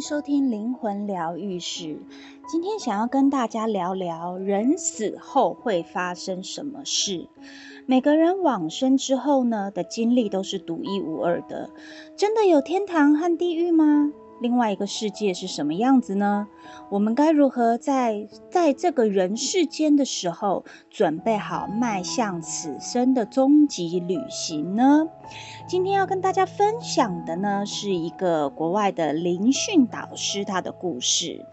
收聽靈魂療癒師，今天想要跟大家聊聊人死後會發生什麼事。每個人往生之後呢的經歷都是獨一無二的。真的有天堂和地獄嗎？另外一個世界是什麼樣子呢？我們該如何在在這個人世間的時候，準備好邁向此生的終極旅行呢？今天要跟大家分享的呢，是一個國外的靈訓導師他的故事。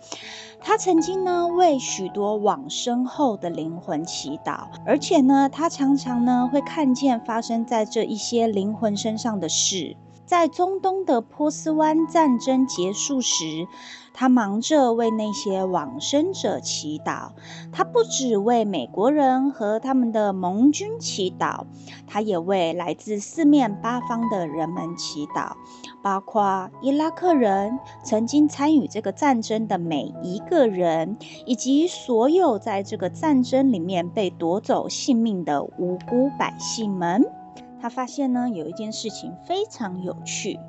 他曾經呢，為許多往生後的靈魂祈禱，而且呢，他常常呢，會看見發生在這一些靈魂身上的事。在中東的波斯灣戰爭結束時，他忙着為那些往生者祈禱。他不只為美國人和他們的盟軍祈禱，他也為來自四面八方的人們祈禱，包括伊拉克人、曾經參與這個戰爭的每一個人，以及所有在這個戰爭裡面被奪走性命的無辜百姓們。他發現呢，有一件事情非常有趣。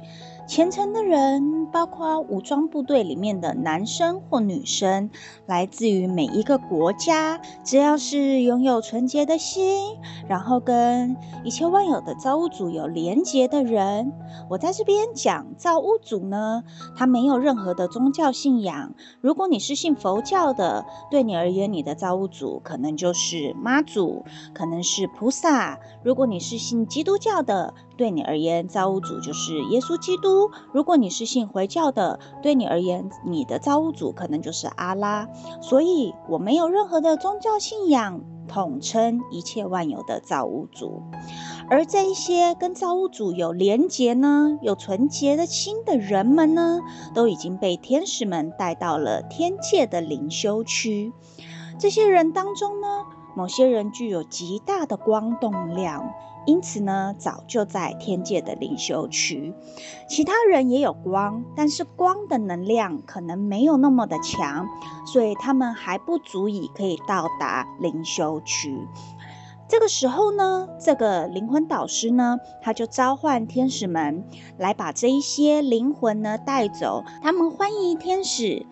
虔誠的人，包括武裝部隊裡面的男生或女生，來自於每一個國家，只要是擁有純潔的心，然後跟一切萬有的造物主有連結的人，我在這邊講造物主呢，他沒有任何的宗教信仰。如果你是信佛教的，對你而言，你的造物主可能就是媽祖，可能是菩薩；如果你是信基督教的，對你而言，造物主就是耶穌基督。如果你是信回教的，對你而言，你的造物主可能就是阿拉。所以，我沒有任何的宗教信仰，統稱一切萬有的造物主。而這一些跟造物主有連結呢、有純潔的心的人們呢，都已經被天使們帶到了天界的靈修區。這些人當中呢，某些人具有極大的光動量。因此呢，早就在天界的靈修區，其他人也有光，但是光的能量可能沒有那麼的強，所以他們還不足以可以到達靈修區。這個時候呢，這個靈魂導師呢，他就召喚天使們來把這一些靈魂呢帶走。他們歡迎天使。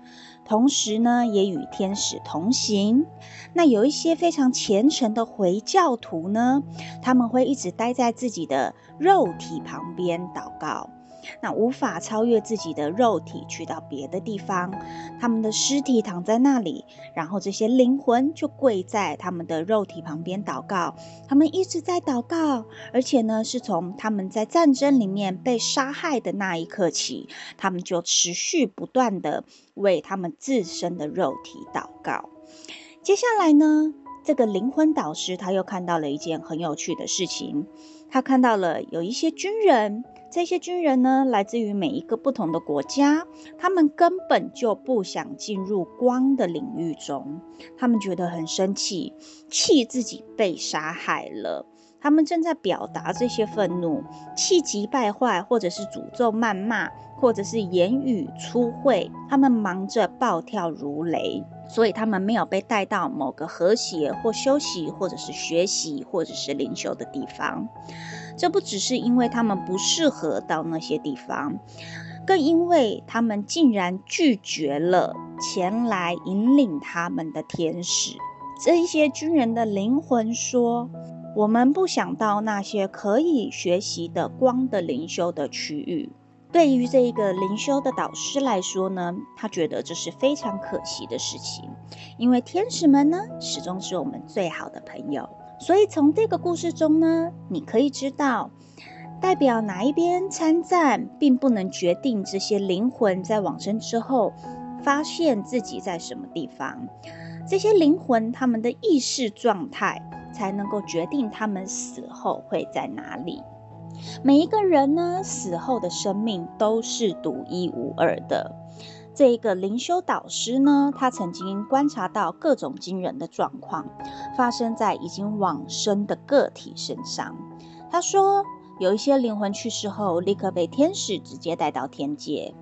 同時呢，也與天使同行。那有一些非常虔誠的回教徒呢，他們會一直待在自己的肉體旁邊禱告。那無法超越自己的肉體去到別的地方，他們的屍體躺在那裡，然後這些靈魂就跪在他們的肉體旁邊禱告，他們一直在禱告，而且呢，是從他們在戰爭裡面被殺害的那一刻起，他們就持續不斷地為他們自身的肉體禱告。接下來呢，這個靈魂導師他又看到了一件很有趣的事情，他看到了有一些軍人。這些軍人呢，來自於每一個不同的國家，他們根本就不想進入光的領域中，他們覺得很生氣，氣自己被殺害了。他們正在表達這些憤怒，氣急敗壞，或者是詛咒、謾罵，或者是言語粗穢。他們忙着暴跳如雷，所以他們沒有被帶到某個和諧或休息，或者是學習，或者是靈修的地方。這不只是因為他們不適合到那些地方，更因為他們竟然拒絕了前來引領他們的天使。這一些軍人的靈魂說：“我們不想到那些可以學習的光的靈修的區域。”對於這一個靈修的導師來說呢，他覺得這是非常可惜的事情，因為天使們呢，始終是我們最好的朋友。所以從這個故事中呢，你可以知道，代表哪一邊參戰，並不能決定這些靈魂在往生之後發現自己在什麼地方。這些靈魂他們的意識狀態，才能夠決定他們死後會在哪裡。每一個人呢，死後的生命都是獨一無二的。這一個靈修導師呢，他曾經觀察到各種驚人的狀況發生在已經往生的個體身上。他說，有一些靈魂去世後，立刻被天使直接帶到天界。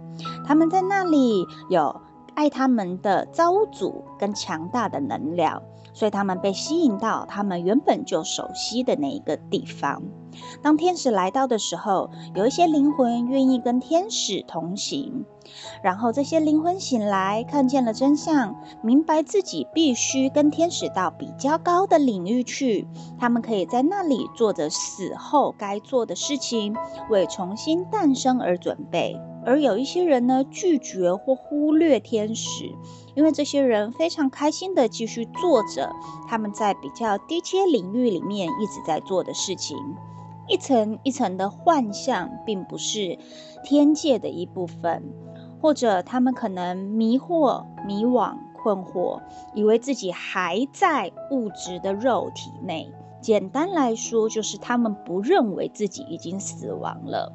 他們在那裡有愛他們的造物主跟強大的能量，所以他們被吸引到他們原本就熟悉的那一個地方。當天使來到的時候，有一些靈魂願意跟天使同行。然後這些靈魂醒來，看見了真相，明白自己必須跟天使到比較高的領域去。他們可以在那裡做着死後該做的事情，為重新誕生而準備。而有一些人呢，拒絕或忽略天使，因為這些人非常開心地繼續做着他們在比較低階領域裡面一直在做的事情。一層一層的幻象，並不是天界的一部分，或者他們可能迷惑、迷惘、困惑，以為自己還在物質的肉體內。簡單來說，就是他們不認為自己已經死亡了，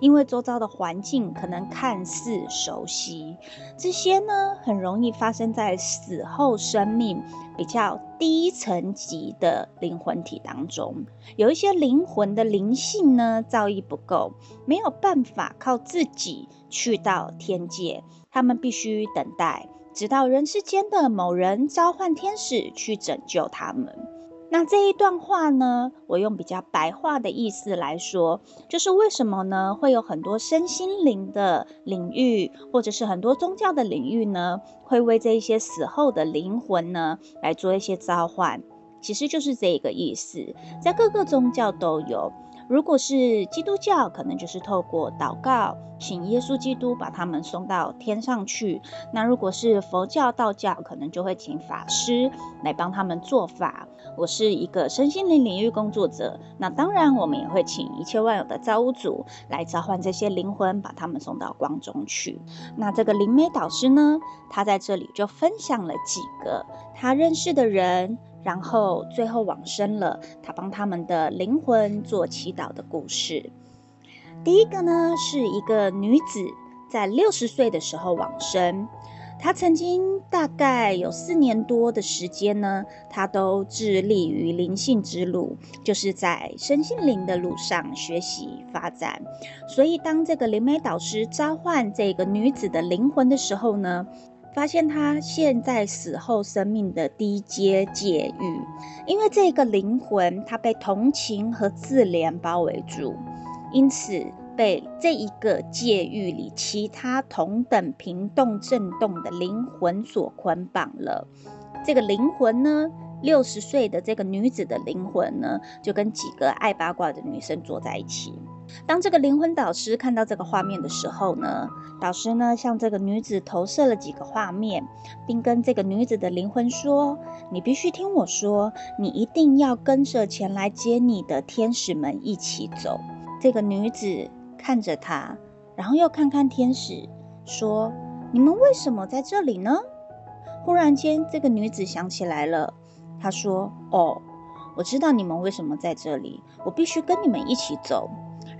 因為周遭的環境可能看似熟悉。這些呢，很容易發生在死後生命比較低層級的靈魂體當中。有一些靈魂的靈性呢，造詣不夠，沒有辦法靠自己去到天界。他們必須等待，直到人世間的某人召喚天使去拯救他們。那這一段話呢，我用比較白話的意思來說，就是為什麼呢？會有很多身心靈的領域，或者是很多宗教的領域呢，會為這一些死後的靈魂呢，來做一些召喚，其實就是這個意思，在各個宗教都有。如果是基督教，可能就是透過禱告，請耶穌基督把他們送到天上去。那如果是佛教、道教，可能就會請法師來幫他們做法。我是一個身心靈領域工作者，那當然我們也會請一切萬有的造物主來召喚這些靈魂，把他們送到光中去。那這個靈媒導師呢，他在這裡就分享了幾個他認識的人。然後最後往生了，他幫他們的靈魂做祈禱的故事。第一個呢，是一個女子在六十歲的時候往生，她曾經大概有四年多的時間呢，她都致力於靈性之路，就是在身心靈的路上學習發展。所以當這個靈媒導師召喚這個女子的靈魂的時候呢，發現他現在死後生命的低階界域，因為這個靈魂他被同情和自憐包圍住，因此被這一個界域裡其他同等平動振動的靈魂所捆綁了。這個靈魂呢，六十歲的這個女子的靈魂呢，就跟幾個愛八卦的女生坐在一起。當這個靈魂導師看到這個畫面的時候呢，導師呢向這個女子投射了幾個畫面，並跟這個女子的靈魂說：“你必須聽我說，你一定要跟着前來接你的天使們一起走。”這個女子看着他，然後又看看天使，說：“你們為什麼在這裡呢？”忽然間，這個女子想起來了，她說：“哦，我知道你們為什麼在這裡，我必須跟你們一起走。”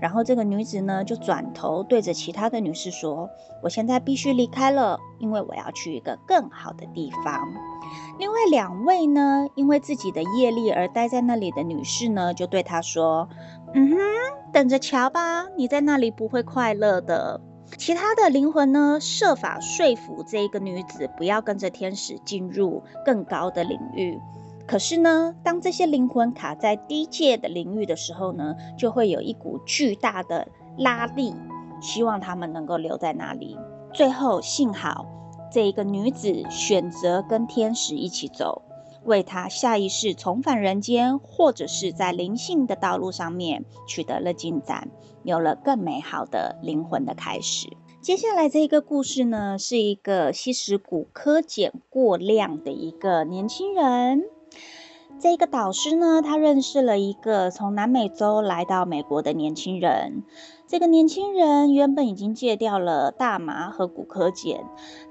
然後這個女子呢，就轉頭對着其他的女士說：“我現在必須離開了，因為我要去一個更好的地方。”另外兩位呢，因為自己的業力而待在那裡的女士呢，就對她說：“嗯哼，等着瞧吧，你在那裡不會快樂的。”其他的靈魂呢，設法說服這一個女子不要跟着天使進入更高的領域。可是呢，當這些靈魂卡在低界的領域的時候呢，就會有一股巨大的拉力，希望他們能夠留在那裡。最後，幸好這一個女子選擇跟天使一起走，為她下一世重返人間，或者是在靈性的道路上面取得了進展，有了更美好的靈魂的開始。接下來這一個故事呢，是一個吸食古柯鹼過量的一個年輕人。這個導師呢，他認識了一個從南美洲來到美國的年輕人。這個年輕人原本已經戒掉了大麻和古柯鹼，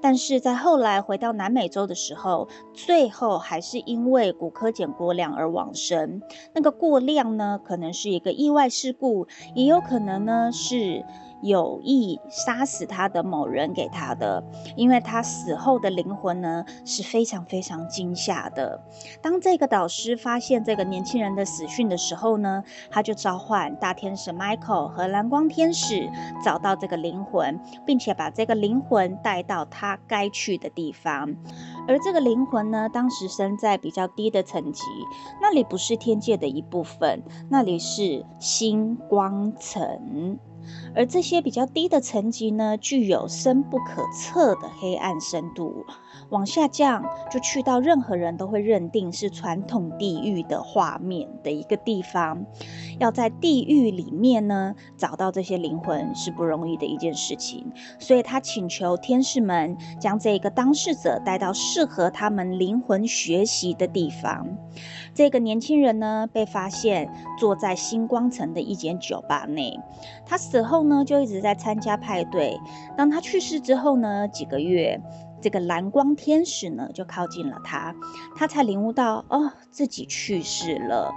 但是在後來回到南美洲的時候，最後還是因為古柯鹼過量而往生。那個過量呢，可能是一個意外事故，也有可能呢，是。有意殺死他的某人給他的，因為他死後的靈魂呢，是非常非常驚嚇的。當這個導師發現這個年輕人的死訊的時候呢，他就召喚大天使 Michael 和藍光天使找到這個靈魂，並且把這個靈魂帶到他該去的地方。而這個靈魂呢，當時身在比較低的層級，那裡不是天界的一部分，那裡是星光層。而這些比較低的層級呢，具有深不可測的黑暗深度，往下降就去到任何人都會認定是傳統地獄的畫面的一個地方。要在地獄裡面呢，找到這些靈魂是不容易的一件事情，所以他請求天使們將這個當事者帶到適合他們靈魂學習的地方。這個年輕人呢，被發現坐在星光城的一間酒吧內，他死後呢，就一直在參加派對。當他去世之後呢，幾個月，這個藍光天使呢就靠近了他，他才領悟到哦，自己去世了。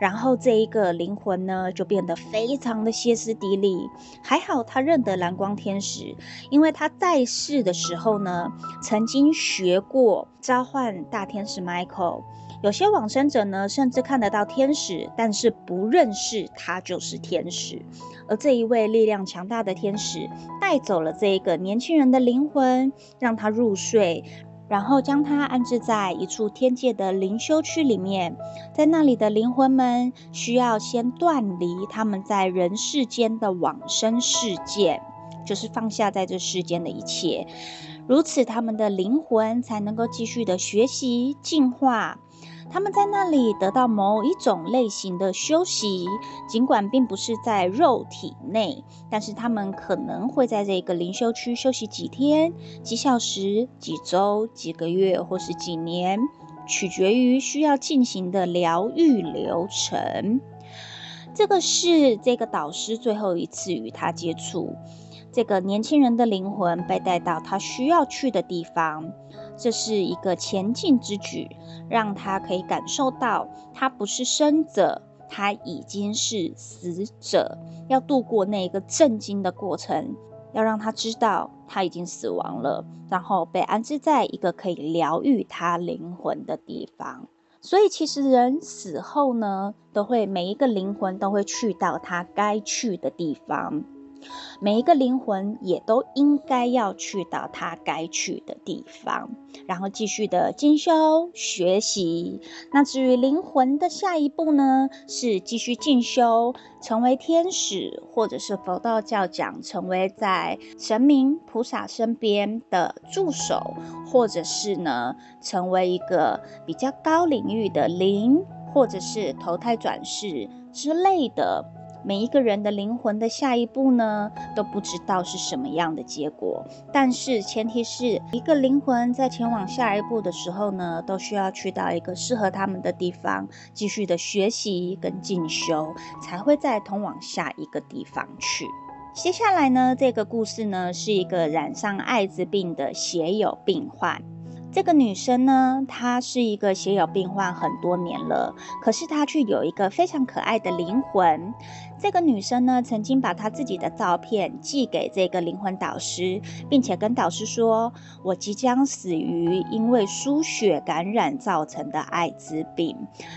然後這一個靈魂呢就變得非常的歇斯底里。還好他認得藍光天使，因為他在世的時候呢，曾經學過召喚大天使邁克。有些往生者呢，甚至看得到天使，但是不認識他就是天使。而這一位力量強大的天使，帶走了這一個年輕人的靈魂，讓他入睡，然後將他安置在一處天界的靈修區裡面。在那裡的靈魂們，需要先斷離他們在人世間的往生世界，就是放下在這世間的一切，如此他們的靈魂才能夠繼續的學習進化。他們在那裡得到某一種類型的休息，儘管並不是在肉體內，但是他們可能會在這個靈修區休息幾天、幾小時、幾週、幾個月，或是幾年，取決於需要進行的療癒流程。這個是這個導師最後一次與他接觸，這個年輕人的靈魂被帶到他需要去的地方。這是一個前進之舉，讓他可以感受到他不是生者，他已經是死者，要度過那一個震驚的過程，要讓他知道他已經死亡了，然後被安置在一個可以療愈他靈魂的地方。所以其實人死後呢，都會每一個靈魂都會去到他該去的地方。每一個靈魂也都應該要去到他該去的地方，然後繼續的進修學習。那至於靈魂的下一步呢，是繼續進修、成為天使，或者是佛道教講成為在神明菩薩身邊的助手，或者是呢，成為一個比較高領域的靈，或者是投胎轉世之類的。每一個人的靈魂的下一步呢，都不知道是什麼樣的結果。但是前提是，一個靈魂在前往下一步的時候呢，都需要去到一個適合他們的地方，繼續的學習跟進修，才會再通往下一個地方去。接下來呢，這個故事呢，是一個染上艾滋病的血友病患。這個女生呢，她是一個血友病患很多年了，可是她卻有一個非常可愛的靈魂。這個女生呢，曾經把她自己的照片寄給這個靈魂導師，並且跟導師說：“我即將死於因為輸血感染造成的艾滋病。”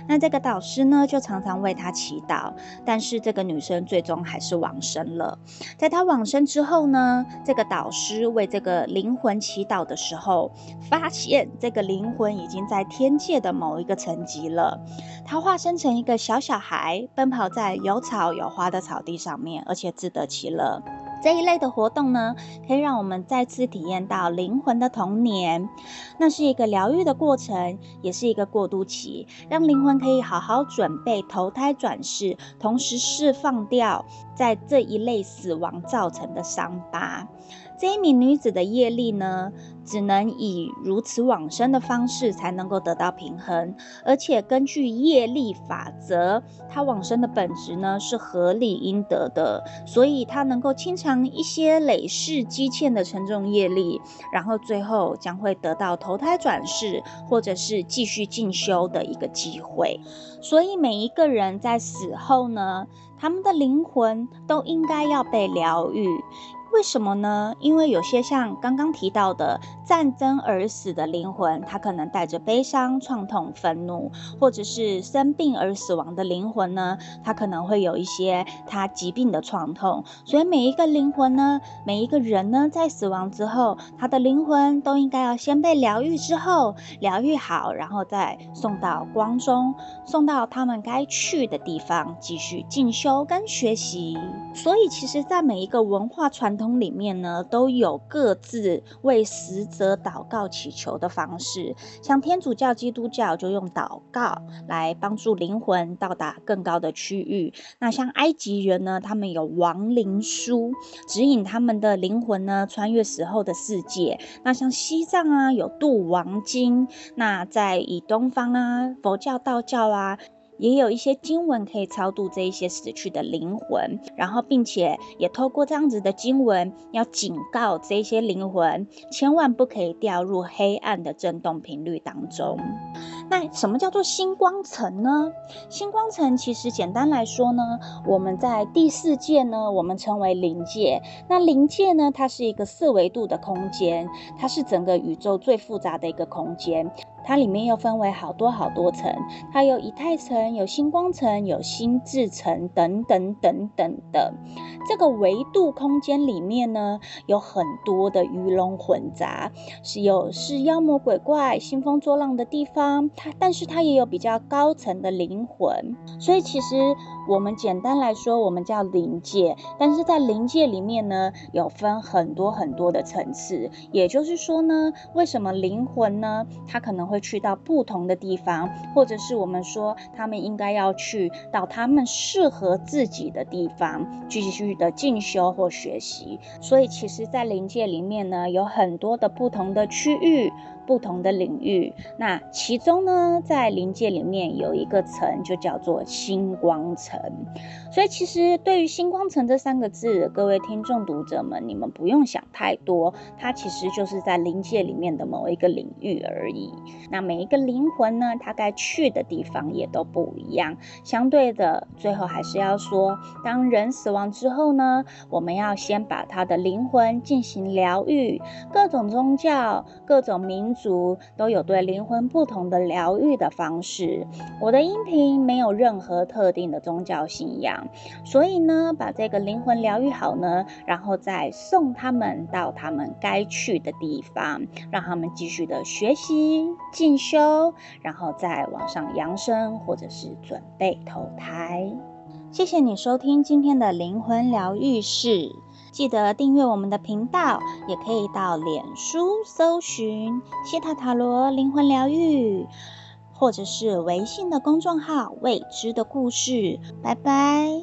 那這個導師呢，就常常為她祈禱。但是這個女生最終還是往生了。在她往生之後呢，這個導師為這個靈魂祈禱的時候，發現這個靈魂已經在天界的某一個層級了。她化身成一個小小孩，奔跑在有草有草花的草地上面，而且自得其樂。這一類的活動呢，可以讓我們再次體驗到靈魂的童年。那是一個療癒的過程，也是一個過渡期，讓靈魂可以好好準備投胎轉世，同時釋放掉在這一類死亡造成的傷疤。這一名女子的業力呢，只能以如此往生的方式才能夠得到平衡，而且根據業力法則，她往生的本質呢，是合理應得的，所以她能夠清償一些累世積欠的沉重業力，然後最後將會得到投胎轉世或者是繼續進修的一個機會。所以每一個人在死後呢，他們的靈魂都應該要被療癒。為什麼呢？因為有些像剛剛提到的戰爭而死的靈魂，他可能帶着悲傷、創痛、憤怒，或者是生病而死亡的靈魂呢，他可能會有一些他疾病的創痛。所以每一個靈魂呢，每一個人呢，在死亡之後，他的靈魂都應該要先被療癒，之後療癒好，然後再送到光中，送到他們該去的地方，繼續進修跟學習。所以其實，在每一個文化傳通裡面呢，都有各自為死者禱告祈求的方式，像天主教、基督教就用禱告來幫助靈魂到達更高的區域。那像埃及人呢，他們有亡靈書，指引他們的靈魂呢穿越死後的世界。那像西藏啊，有度亡經。那在以東方啊，佛教、道教啊。也有一些經文可以超度這一些死去的靈魂，然後並且也透過這樣子的經文，要警告這些靈魂，千萬不可以掉入黑暗的振動頻率當中。那什麼叫做星光層呢？星光層其實簡單來說呢，我們在第四界呢，我們稱為靈界。那靈界呢，它是一個四維度的空間，它是整個宇宙最複雜的一個空間。它裡面又分為好多好多層，它有以太層，有星光層，有心智層等等等等等。這個維度空間裡面呢，有很多的魚龍混雜，是有是妖魔鬼怪興風作浪的地方，它但是它也有比較高層的靈魂。所以其實我們簡單來說，我們叫靈界，但是在靈界裡面呢，有分很多很多的層次。也就是說呢，為什麼靈魂呢？它可能會。去到不同的地方，或者是我們說他們應該要去到他們適合自己的地方，繼續的進修或學習。所以，其實，在靈界裡面呢，有很多的不同的區域。不同的領域，那其中呢，在靈界裡面有一個層，就叫做星光層。所以，其實對於“星光層”這三個字，各位聽眾讀者們，你們不用想太多，它其實就是在靈界裡面的某一個領域而已。那每一個靈魂呢，它該去的地方也都不一樣。相對的，最後還是要說，當人死亡之後呢，我們要先把他的靈魂進行療癒，各種宗教、各種民。族都有對靈魂不同的療癒的方式。我的音頻沒有任何特定的宗教信仰，所以呢，把這個靈魂療癒好呢，然後再送他們到他們該去的地方，讓他們繼續的學習、進修，然後再往上揚升，或者是準備投胎。謝謝你收聽今天的靈魂療癒室。記得訂閱我們的頻道，也可以到臉書搜尋“西塔塔羅靈魂療癒”，或者是微信的公眾號“未知的故事”。拜拜。